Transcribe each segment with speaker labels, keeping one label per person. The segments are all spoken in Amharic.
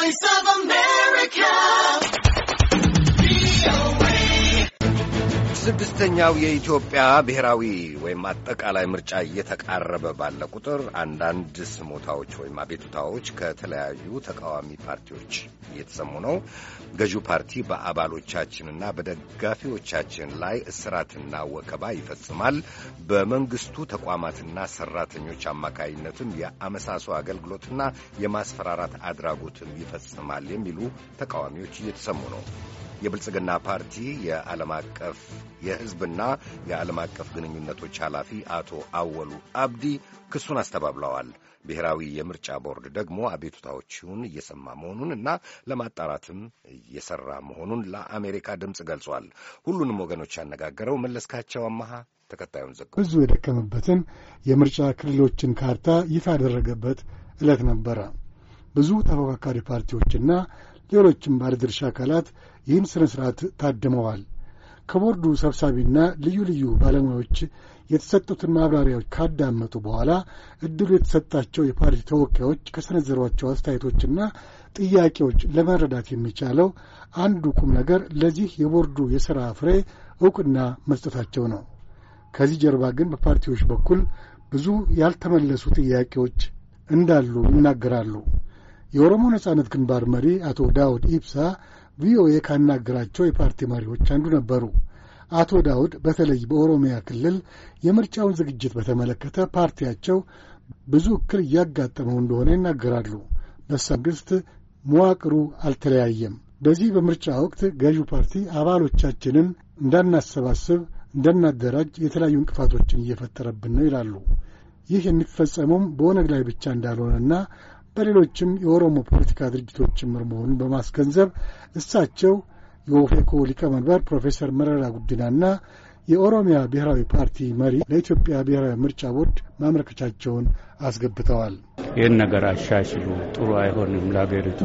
Speaker 1: voice
Speaker 2: ስድስተኛው የኢትዮጵያ ብሔራዊ ወይም አጠቃላይ ምርጫ እየተቃረበ ባለ ቁጥር አንዳንድ ስሞታዎች ወይም አቤቱታዎች ከተለያዩ ተቃዋሚ ፓርቲዎች እየተሰሙ ነው። ገዢው ፓርቲ በአባሎቻችንና በደጋፊዎቻችን ላይ እስራትና ወከባ ይፈጽማል። በመንግስቱ ተቋማትና ሰራተኞች አማካይነትም የአመሳሶ አገልግሎትና የማስፈራራት አድራጎትም ይፈጽማል የሚሉ ተቃዋሚዎች እየተሰሙ ነው። የብልጽግና ፓርቲ የዓለም አቀፍ የሕዝብና የዓለም አቀፍ ግንኙነቶች ኃላፊ አቶ አወሉ አብዲ ክሱን አስተባብለዋል። ብሔራዊ የምርጫ ቦርድ ደግሞ አቤቱታዎቹን እየሰማ መሆኑን እና ለማጣራትም እየሰራ መሆኑን ለአሜሪካ ድምፅ ገልጿል። ሁሉንም ወገኖች ያነጋገረው መለስካቸው አመሃ ተከታዩን ዘግ
Speaker 3: ብዙ የደከመበትን የምርጫ ክልሎችን ካርታ ይፋ ያደረገበት ዕለት ነበረ። ብዙ ተፎካካሪ ፓርቲዎችና ሌሎችም ባለድርሻ አካላት ይህን ሥነ ሥርዓት ታድመዋል። ከቦርዱ ሰብሳቢና ልዩ ልዩ ባለሙያዎች የተሰጡትን ማብራሪያዎች ካዳመጡ በኋላ እድሉ የተሰጣቸው የፓርቲ ተወካዮች ከሰነዘሯቸው አስተያየቶችና ጥያቄዎች ለመረዳት የሚቻለው አንዱ ቁም ነገር ለዚህ የቦርዱ የሥራ ፍሬ ዕውቅና መስጠታቸው ነው። ከዚህ ጀርባ ግን በፓርቲዎች በኩል ብዙ ያልተመለሱ ጥያቄዎች እንዳሉ ይናገራሉ። የኦሮሞ ነጻነት ግንባር መሪ አቶ ዳውድ ኢብሳ ቪኦኤ ካናገራቸው የፓርቲ መሪዎች አንዱ ነበሩ። አቶ ዳውድ በተለይ በኦሮሚያ ክልል የምርጫውን ዝግጅት በተመለከተ ፓርቲያቸው ብዙ እክል እያጋጠመው እንደሆነ ይናገራሉ። በሳግስት መዋቅሩ አልተለያየም። በዚህ በምርጫ ወቅት ገዢው ፓርቲ አባሎቻችንን እንዳናሰባስብ፣ እንዳናደራጅ የተለያዩ እንቅፋቶችን እየፈጠረብን ነው ይላሉ። ይህ የሚፈጸመውም በኦነግ ላይ ብቻ እንዳልሆነና በሌሎችም የኦሮሞ ፖለቲካ ድርጅቶች ጭምር መሆኑን በማስገንዘብ እሳቸው የኦፌኮ ሊቀመንበር ፕሮፌሰር መረራ ጉዲናና የኦሮሚያ ብሔራዊ ፓርቲ መሪ ለኢትዮጵያ ብሔራዊ ምርጫ ቦርድ ማመልከቻቸውን አስገብተዋል።
Speaker 2: ይህን ነገር አሻሽሉ፣ ጥሩ አይሆንም ለሀገሪቱ።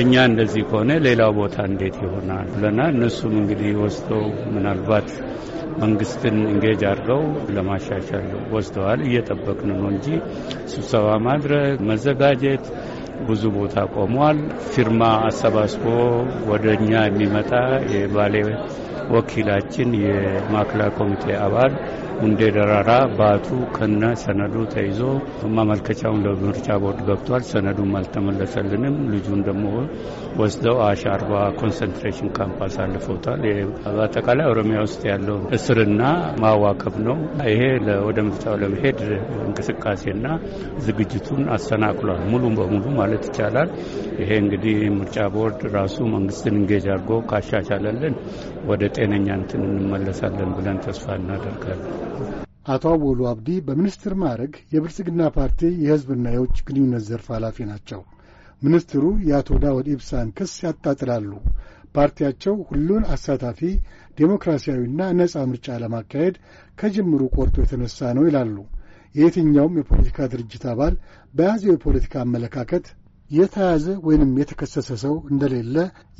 Speaker 2: እኛ እንደዚህ ከሆነ ሌላው ቦታ እንዴት ይሆናል ብለናል። እነሱም እንግዲህ ወስደው ምናልባት መንግስትን እንጌጅ አድርገው ለማሻሻል ወስደዋል። እየጠበቅን ነው እንጂ ስብሰባ ማድረግ መዘጋጀት ብዙ ቦታ ቆመዋል። ፊርማ አሰባስቦ ወደ እኛ የሚመጣ የባሌ ወኪላችን የማዕከላዊ ኮሚቴ አባል ሁንዴ ደራራ ባቱ ከነ ሰነዱ ተይዞ ማመልከቻውን ለምርጫ ቦርድ ገብቷል። ሰነዱም አልተመለሰልንም። ልጁን ደግሞ ወስደው አሽ አርባ ኮንሰንትሬሽን ካምፕ አሳልፈውታል። በአጠቃላይ ኦሮሚያ ውስጥ ያለው እስርና ማዋከብ ነው። ይሄ ወደ ምርጫው ለመሄድ እንቅስቃሴና ዝግጅቱን አሰናክሏል፣ ሙሉ በሙሉ ማለት ይቻላል። ይሄ እንግዲህ ምርጫ ቦርድ ራሱ መንግስትን እንጌጅ አድርጎ ካሻሻለልን ወደ ጤነኛ እንትን እንመለሳለን ብለን ተስፋ እናደርጋለን።
Speaker 3: አቶ አወሉ አብዲ በሚኒስትር ማዕረግ የብልጽግና ፓርቲ የህዝብና የውጭ ግንኙነት ዘርፍ ኃላፊ ናቸው። ሚኒስትሩ የአቶ ዳውድ ኢብሳን ክስ ያጣጥላሉ። ፓርቲያቸው ሁሉን አሳታፊ ዴሞክራሲያዊና ነጻ ምርጫ ለማካሄድ ከጅምሩ ቆርጦ የተነሳ ነው ይላሉ። የየትኛውም የፖለቲካ ድርጅት አባል በያዘው የፖለቲካ አመለካከት የተያዘ ወይንም የተከሰሰ ሰው እንደሌለ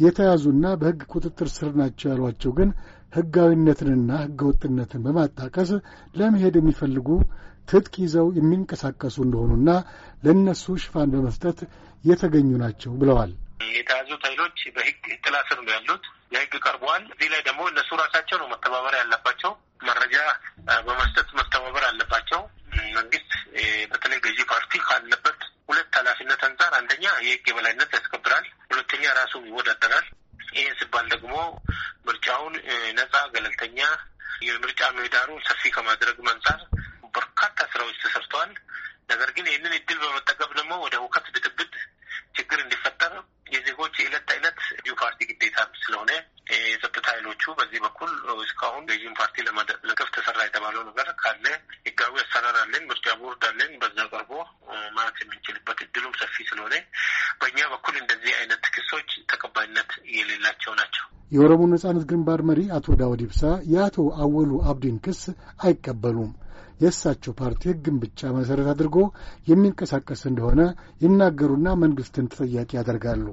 Speaker 3: የተያዙና በሕግ ቁጥጥር ስር ናቸው ያሏቸው ግን ሕጋዊነትንና ሕገወጥነትን በማጣቀስ ለመሄድ የሚፈልጉ ትጥቅ ይዘው የሚንቀሳቀሱ እንደሆኑና ለእነሱ ሽፋን በመስጠት የተገኙ ናቸው ብለዋል። የተያዙት ኃይሎች በህግ ጥላ ስር ነው ያሉት። የሕግ ቀርበዋል። እዚህ ላይ ደግሞ
Speaker 1: እነሱ ራሳቸው ነው መተባበር ያለባቸው። መረጃ በመስጠት መተባበር አለባቸው። መንግስት በተለይ ገዢ ፓርቲ ካለበት ሁለት ኃላፊነት አንጻር አንደኛ የህግ የበላይነት ያስከብራል፣ ሁለተኛ ራሱ ይወዳደራል። ይህን ሲባል ደግሞ ምርጫውን ነጻ፣ ገለልተኛ የምርጫ ምህዳሩን ሰፊ ከማድረግ አንጻር በርካታ ስራዎች ተሰርተዋል። ነገር ግን ይህንን እድል በመጠቀም ደግሞ ወደ ሁከት፣ ብጥብጥ፣ ችግር እንዲፈጠር የዜጎች የዕለት ተዕለት ዩ ፓርቲ ግዴታ ስለሆነ የጸጥታ ኃይሎቹ በዚህ በኩል እስካሁን ገዥን ፓርቲ ለመደገፍ ተሰራ የተባለው ነገር ካለ ህጋዊ አሰራር አለን፣ ምርጫ ቦርድ አለን። በዛ ቀርቦ ማለት የምንችልበት እድሉም ሰፊ ስለሆነ በእኛ በኩል እንደዚህ አይነት ክሶች ተቀባይነት የሌላቸው ናቸው።
Speaker 3: የኦሮሞ ነጻነት ግንባር መሪ አቶ ዳውድ ኢብሳ የአቶ አወሉ አብዲን ክስ አይቀበሉም። የእሳቸው ፓርቲ ሕግን ብቻ መሠረት አድርጎ የሚንቀሳቀስ እንደሆነ ይናገሩና መንግሥትን ተጠያቂ ያደርጋሉ።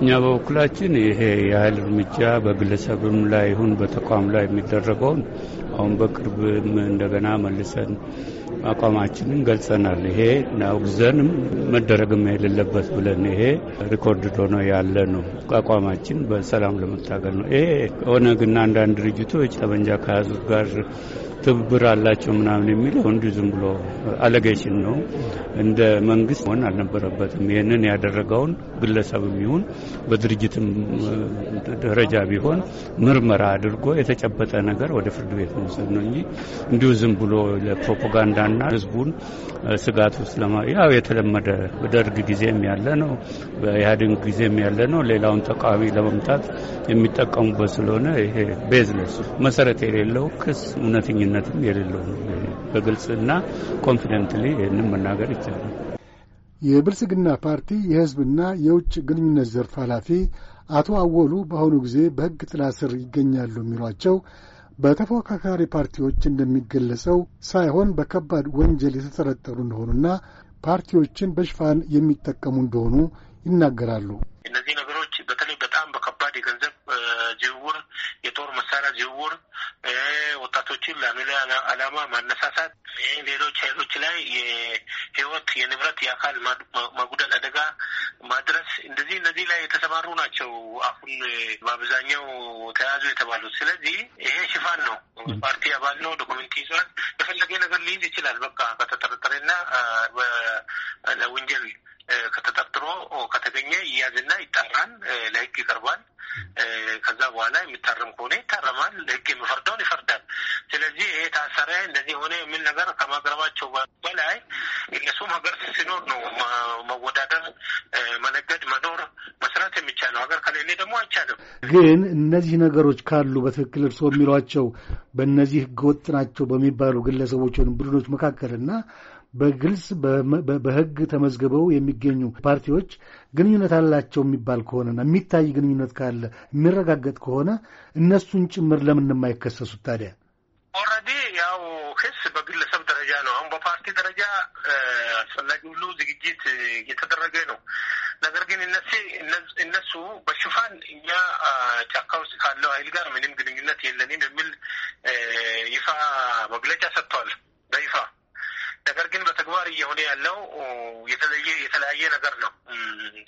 Speaker 2: እኛ በበኩላችን ይሄ የኃይል እርምጃ በግለሰብም ላይ ይሁን በተቋም ላይ የሚደረገውን አሁን በቅርብም እንደገና መልሰን አቋማችንን ገልጸናል። ይሄ ናውግዘንም መደረግም የሌለበት ብለን ይሄ ሪኮርድ ሆኖ ያለ ነው። አቋማችን በሰላም ለመታገል ነው። ይሄ ኦነግና አንዳንድ ድርጅቶች ጠመንጃ ከያዙት ጋር ትብብር አላቸው ምናምን የሚለው እንዲሁ ዝም ብሎ አለጌሽን ነው። እንደ መንግስት መሆን አልነበረበትም። ይህንን ያደረገውን ግለሰብም ይሁን በድርጅትም ደረጃ ቢሆን ምርመራ አድርጎ የተጨበጠ ነገር ወደ ፍርድ ቤት መውሰድ ነው እንጂ እንዲሁ ዝም ብሎ ለፕሮፓጋንዳ እና ህዝቡን ስጋት ውስጥ ለማ ያው የተለመደ በደርግ ጊዜም ያለ ነው፣ በኢህአዴግ ጊዜም ያለ ነው። ሌላውን ተቃዋሚ ለመምታት የሚጠቀሙበት ስለሆነ ይሄ ቤዝለስ መሰረት የሌለው ክስ እውነተኝነትም የሌለው ነው። በግልጽና ኮንፊደንትሊ ይህንን መናገር ይቻላል።
Speaker 3: የብልጽግና ፓርቲ የህዝብና የውጭ ግንኙነት ዘርፍ ኃላፊ አቶ አወሉ በአሁኑ ጊዜ በሕግ ጥላ ስር ይገኛሉ የሚሏቸው በተፎካካሪ ፓርቲዎች እንደሚገለጸው ሳይሆን በከባድ ወንጀል የተጠረጠሩ እንደሆኑና ፓርቲዎችን በሽፋን የሚጠቀሙ እንደሆኑ ይናገራሉ እነዚህ ነገሮች በተለይ በጣም በከባድ የገንዘብ ዝውውር፣ የጦር
Speaker 1: መሳሪያ ዝውውር፣ ወጣቶችን ለአሚላ አላማ ማነሳሳት፣ ሌሎች ኃይሎች ላይ የህይወት የንብረት የአካል ማጉደል አደጋ ማድረስ እንደዚህ እነዚህ ላይ የተሰማሩ ናቸው። አሁን በአብዛኛው ተያዙ የተባሉት። ስለዚህ ይሄ ሽፋን ነው። ፓርቲ አባል ነው፣ ዶኩሜንት ይዟል። የፈለገ ነገር ሊይዝ ይችላል። በቃ ከተጠረጠረና ለወንጀል ከተጠርጥሮ ከተገኘ ይያዝና ይጠራል ለህግ ይቀርባል። ከዛ በኋላ የሚታረም ከሆነ ይታረማል፣ ለህግ የሚፈርደውን ይፈርዳል። ስለዚህ ይሄ ታሰረ እንደዚህ ሆነ የሚል ነገር ከማቅረባቸው በላይ እነሱም ሀገር ሲኖር ነው መወዳደር፣
Speaker 3: መነገድ፣ መኖር፣ መስራት የሚቻለው። ሀገር ከሌለ ደግሞ አይቻልም። ግን እነዚህ ነገሮች ካሉ በትክክል እርስዎ የሚሏቸው በእነዚህ ህገወጥ ናቸው በሚባሉ ግለሰቦች ወይም ቡድኖች መካከልና በግልጽ በህግ ተመዝግበው የሚገኙ ፓርቲዎች ግንኙነት አላቸው የሚባል ከሆነና የሚታይ ግንኙነት ካለ የሚረጋገጥ ከሆነ እነሱን ጭምር ለምን የማይከሰሱት ታዲያ? ኦልሬዲ ያው ክስ በግለሰብ
Speaker 1: ደረጃ ነው። አሁን በፓርቲ ደረጃ አስፈላጊ ሁሉ ዝግጅት እየተደረገ ነው። ነገር ግን እነሱ በሽፋን እኛ ጫካ ውስጥ ካለው ኃይል ጋር ምንም ግንኙነት የለንም የሚል ይፋ መግለጫ ሰጥቷል በይፋ ነገር ግን በተግባር እየሆነ ያለው የተለየ የተለያየ ነገር ነው።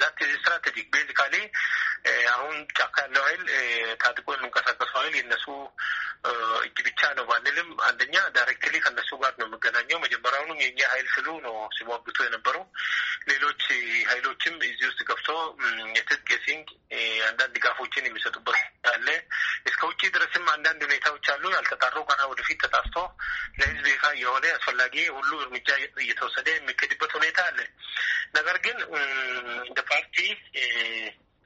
Speaker 1: ዛት ስትራቴጂ ቤዚካሊ አሁን ጫካ ያለው ኃይል ታጥቆ የሚንቀሳቀሱ ኃይል የነሱ እጅ ብቻ ነው ባንልም፣ አንደኛ ዳይሬክትሊ ከነሱ ጋር ነው የሚገናኘው። መጀመሪያውኑም የእኛ ኃይል ስሉ ነው ሲሟግቱ የነበረው ሌሎች ሀይሎችም እዚህ ውስጥ ገብቶ የትጥቅ የሲንግ አንዳንድ ድጋፎችን የሚሰጡበት አለ። እስከ ውጭ ድረስም አንዳንድ ሁኔታዎች አሉ። ያልተጣሩ ገና ወደፊት ተጣስቶ ለህዝብ ይፋ የሆነ አስፈላጊ ሁሉ እርምጃ እየተወሰደ የሚገድበት ሁኔታ አለ። ነገር ግን እንደ ፓርቲ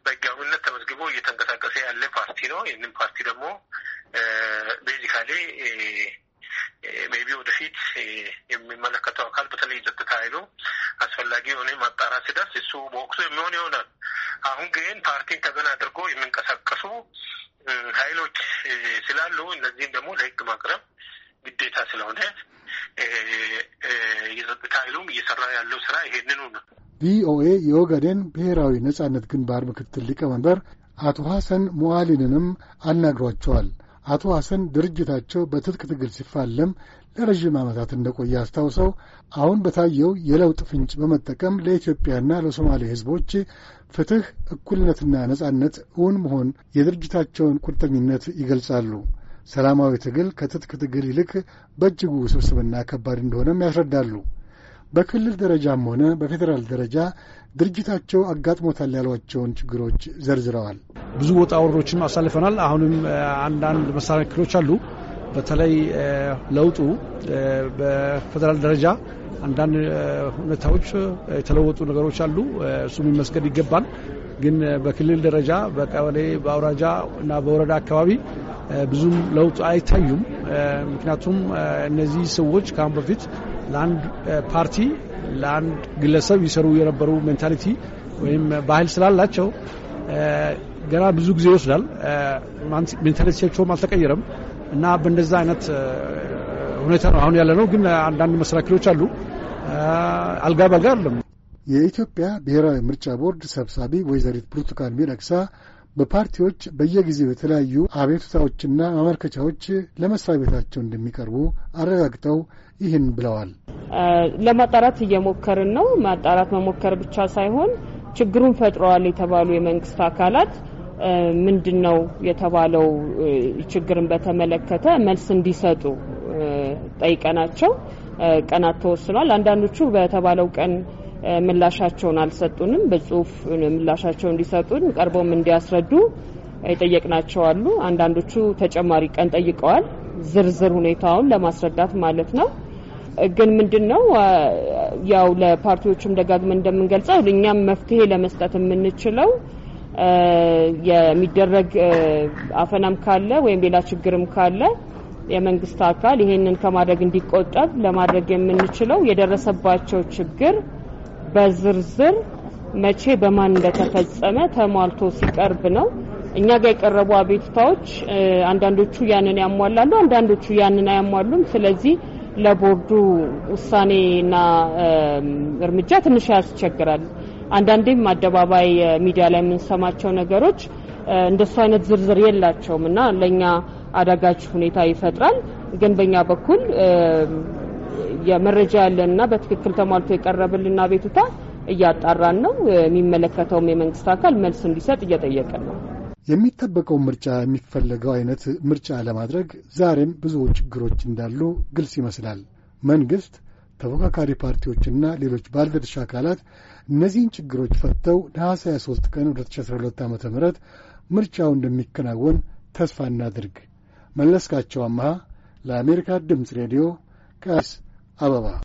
Speaker 1: በህጋዊነት ተመዝግቦ እየተንቀሳቀሰ ያለ ፓርቲ ነው። ይህንን ፓርቲ ደግሞ ቤዚካሌ ሜቢ ወደፊት የሚመለከተው አካል በተለይ ጸጥታ ኃይሉ አስፈላጊ የሆነ ማጣራት ሲደርስ እሱ በወቅቱ የሚሆን ይሆናል። አሁን ግን ፓርቲን ተገን አድርጎ የሚንቀሳቀሱ ኃይሎች ስላሉ እነዚህም ደግሞ ለህግ ማቅረብ ግዴታ ስለሆነ የጸጥታ ኃይሉም እየሰራ ያለው ስራ ይሄንኑ
Speaker 3: ነው። ቪኦኤ የኦጋዴን ብሔራዊ ነጻነት ግንባር ምክትል ሊቀመንበር አቶ ሐሰን ሞዓሊንንም አናግሯቸዋል። አቶ ሐሰን ድርጅታቸው በትጥቅ ትግል ሲፋለም ለረዥም ዓመታት እንደቆየ አስታውሰው አሁን በታየው የለውጥ ፍንጭ በመጠቀም ለኢትዮጵያና ለሶማሌ ሕዝቦች ፍትሕ፣ እኩልነትና ነጻነት እውን መሆን የድርጅታቸውን ቁርጠኝነት ይገልጻሉ። ሰላማዊ ትግል ከትጥቅ ትግል ይልቅ በእጅጉ ውስብስብና ከባድ እንደሆነም ያስረዳሉ። በክልል ደረጃም ሆነ በፌዴራል ደረጃ ድርጅታቸው አጋጥሞታል ያሏቸውን ችግሮች ዘርዝረዋል። ብዙ ወጣ ወረዶችም አሳልፈናል። አሁንም አንዳንድ መሳሪያ ክፍሎች አሉ። በተለይ ለውጡ በፌዴራል ደረጃ አንዳንድ ሁኔታዎች የተለወጡ ነገሮች አሉ። እሱም ይመስገን ይገባል። ግን በክልል ደረጃ በቀበሌ በአውራጃ እና በወረዳ አካባቢ ብዙም ለውጥ አይታዩም። ምክንያቱም እነዚህ ሰዎች ከአሁን በፊት ለአንድ ፓርቲ ለአንድ ግለሰብ ይሰሩ የነበሩ ሜንታሊቲ ወይም ባህል ስላላቸው ገና ብዙ ጊዜ ይወስዳል። ሜንታሊቲቸውም አልተቀየረም እና በእንደዛ አይነት ሁኔታ ነው አሁን ያለ ነው። ግን አንዳንድ መሰናክሎች አሉ። አልጋ በአልጋ አይደለም። የኢትዮጵያ ብሔራዊ ምርጫ ቦርድ ሰብሳቢ ወይዘሪት ብርቱካን ሚደቅሳ በፓርቲዎች በየጊዜው የተለያዩ አቤቱታዎችና ማመልከቻዎች ለመስሪያ ቤታቸው እንደሚቀርቡ አረጋግጠው ይህን ብለዋል።
Speaker 4: ለማጣራት እየሞከርን ነው። ማጣራት መሞከር ብቻ ሳይሆን ችግሩን ፈጥረዋል የተባሉ የመንግስት አካላት ምንድን ነው የተባለው ችግርን በተመለከተ መልስ እንዲሰጡ ጠይቀናቸው ቀናት ተወስኗል። አንዳንዶቹ በተባለው ቀን ምላሻቸውን አልሰጡንም። በጽሁፍ ምላሻቸው እንዲሰጡን ቀርቦም እንዲያስረዱ የጠየቅናቸው አሉ። አንዳንዶቹ ተጨማሪ ቀን ጠይቀዋል፣ ዝርዝር ሁኔታውን ለማስረዳት ማለት ነው። ግን ምንድን ነው ያው ለፓርቲዎችም ደጋግመን እንደምንገልጸው እኛም መፍትሄ ለመስጠት የምንችለው የሚደረግ አፈናም ካለ ወይም ሌላ ችግርም ካለ የመንግስት አካል ይሄንን ከማድረግ እንዲቆጠብ ለማድረግ የምንችለው የደረሰባቸው ችግር በዝርዝር መቼ በማን እንደተፈጸመ ተሟልቶ ሲቀርብ ነው። እኛ ጋር የቀረቡ አቤቱታዎች አንዳንዶቹ ያንን ያሟላሉ፣ አንዳንዶቹ ያንን አያሟሉም። ስለዚህ ለቦርዱ ውሳኔና እርምጃ ትንሽ ያስቸግራል። አንዳንዴም አደባባይ ሚዲያ ላይ የምንሰማቸው ነገሮች እንደሱ አይነት ዝርዝር የላቸውም እና ለእኛ አዳጋች ሁኔታ ይፈጥራል። ግን በእኛ በኩል የመረጃ ያለና በትክክል ተሟልቶ የቀረበልን አቤቱታ እያጣራን ነው። የሚመለከተውም የመንግስት አካል መልስ እንዲሰጥ እየጠየቀ ነው።
Speaker 3: የሚጠበቀው ምርጫ የሚፈለገው አይነት ምርጫ ለማድረግ ዛሬም ብዙ ችግሮች እንዳሉ ግልጽ ይመስላል። መንግስት፣ ተፎካካሪ ፓርቲዎችና ሌሎች ባለድርሻ አካላት እነዚህን ችግሮች ፈተው ነሐሴ 23 ቀን 2012 ዓ ም ምርጫው እንደሚከናወን ተስፋ እናድርግ። መለስካቸው አመሃ ለአሜሪካ ድምፅ ሬዲዮ ከስ አበባ